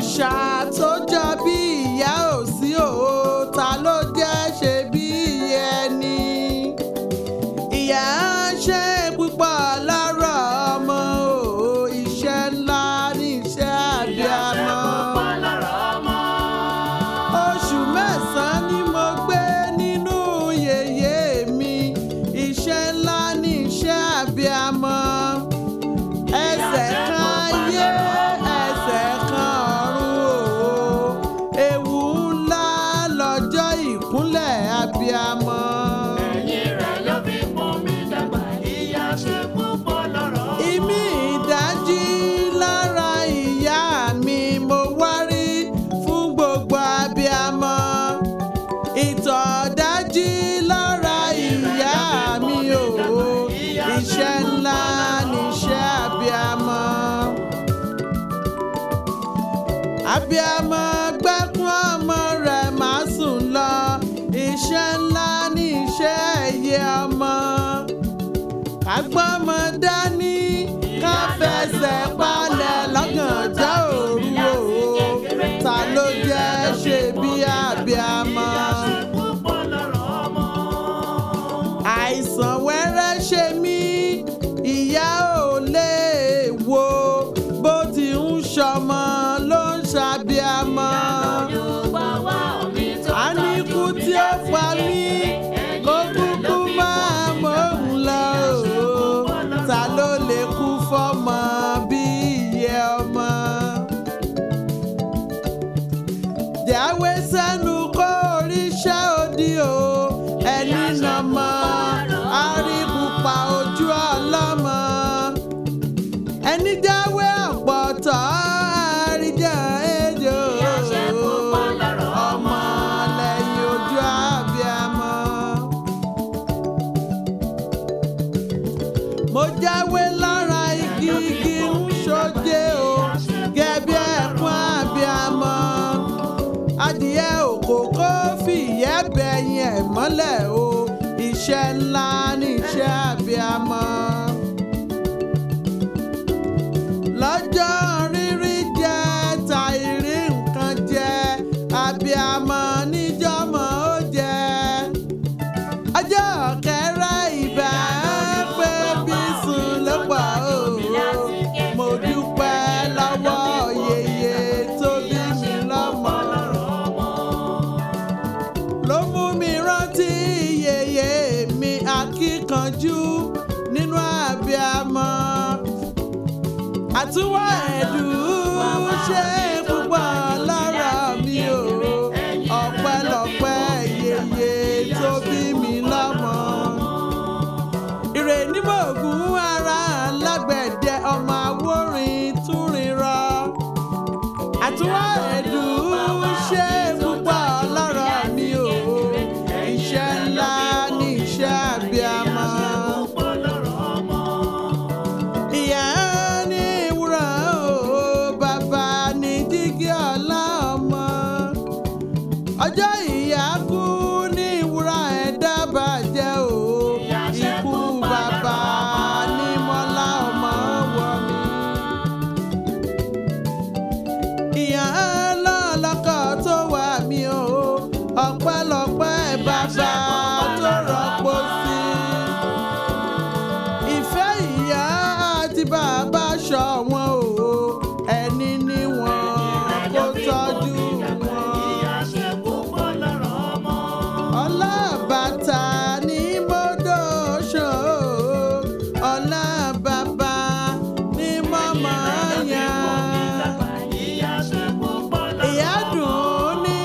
Shots. abiyamọ gbẹ́kún ọmọ rẹ̀ máa sùn lọ iṣẹ́ ńlá ní iṣẹ́ ẹ̀yẹ ọmọ kágbọ́mọ dání ká fẹsẹ̀ palẹ̀ lọ́gànjọ́ òru o ta ló jẹ́ ṣe bí abiyamọ. jáwé sẹ́nu kó oríṣẹ́ òdì o ẹni nàmọ àríkùpà ojú ọlọ́mọ ẹni jáwé ọ̀pọ̀tọ́ àríjà èjò ọmọ lẹ́yìn ojú àbíamọ. mo jáwé lára igi igi. mọ́lẹ̀ o iṣẹ́ ńlá ní iṣẹ́ àbíamọ́. lọ́jọ́ rírí jẹ́ ta ìrí nǹkan jẹ́ àbíamọ́ níjọ́mọ́ ó jẹ́ ọjọ́ ọ̀kẹ́. àtúwọ̀ ẹ̀dùn ṣe bàbá ṣọ́ wọn o ẹni ni wọn kó tọ́jú wọn. ọlọ́bàtà ní mọ́dọ̀ ṣọ́ ọlọ́bàbà ní mọ́mọ́ yá. ìyá dùn ún ní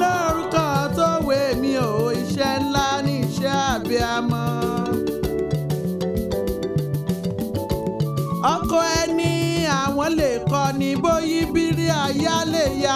lórúkọ tó wé mi ò iṣẹ́ ńlá.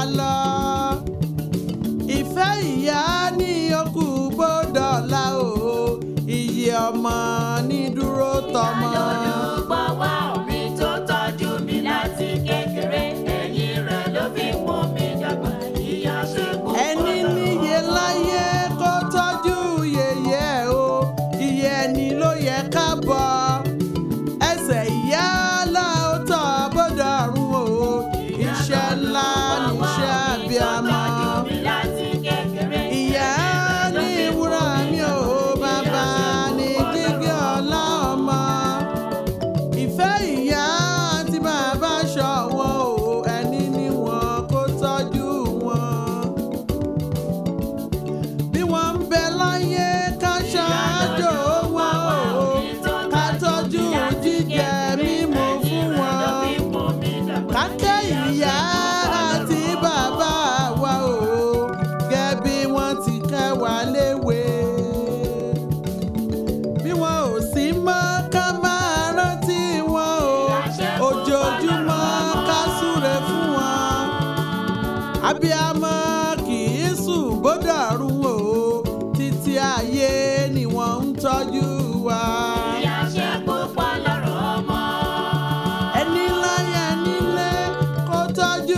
I love. abiyamọ kì í sùn bó dàrú o títí ayé ni wọ́n ń tọ́jú wa. ìyá ṣe gbogbo lọ́rọ̀ ọmọ. ẹni ńlá yẹn nílé kó tọ́jú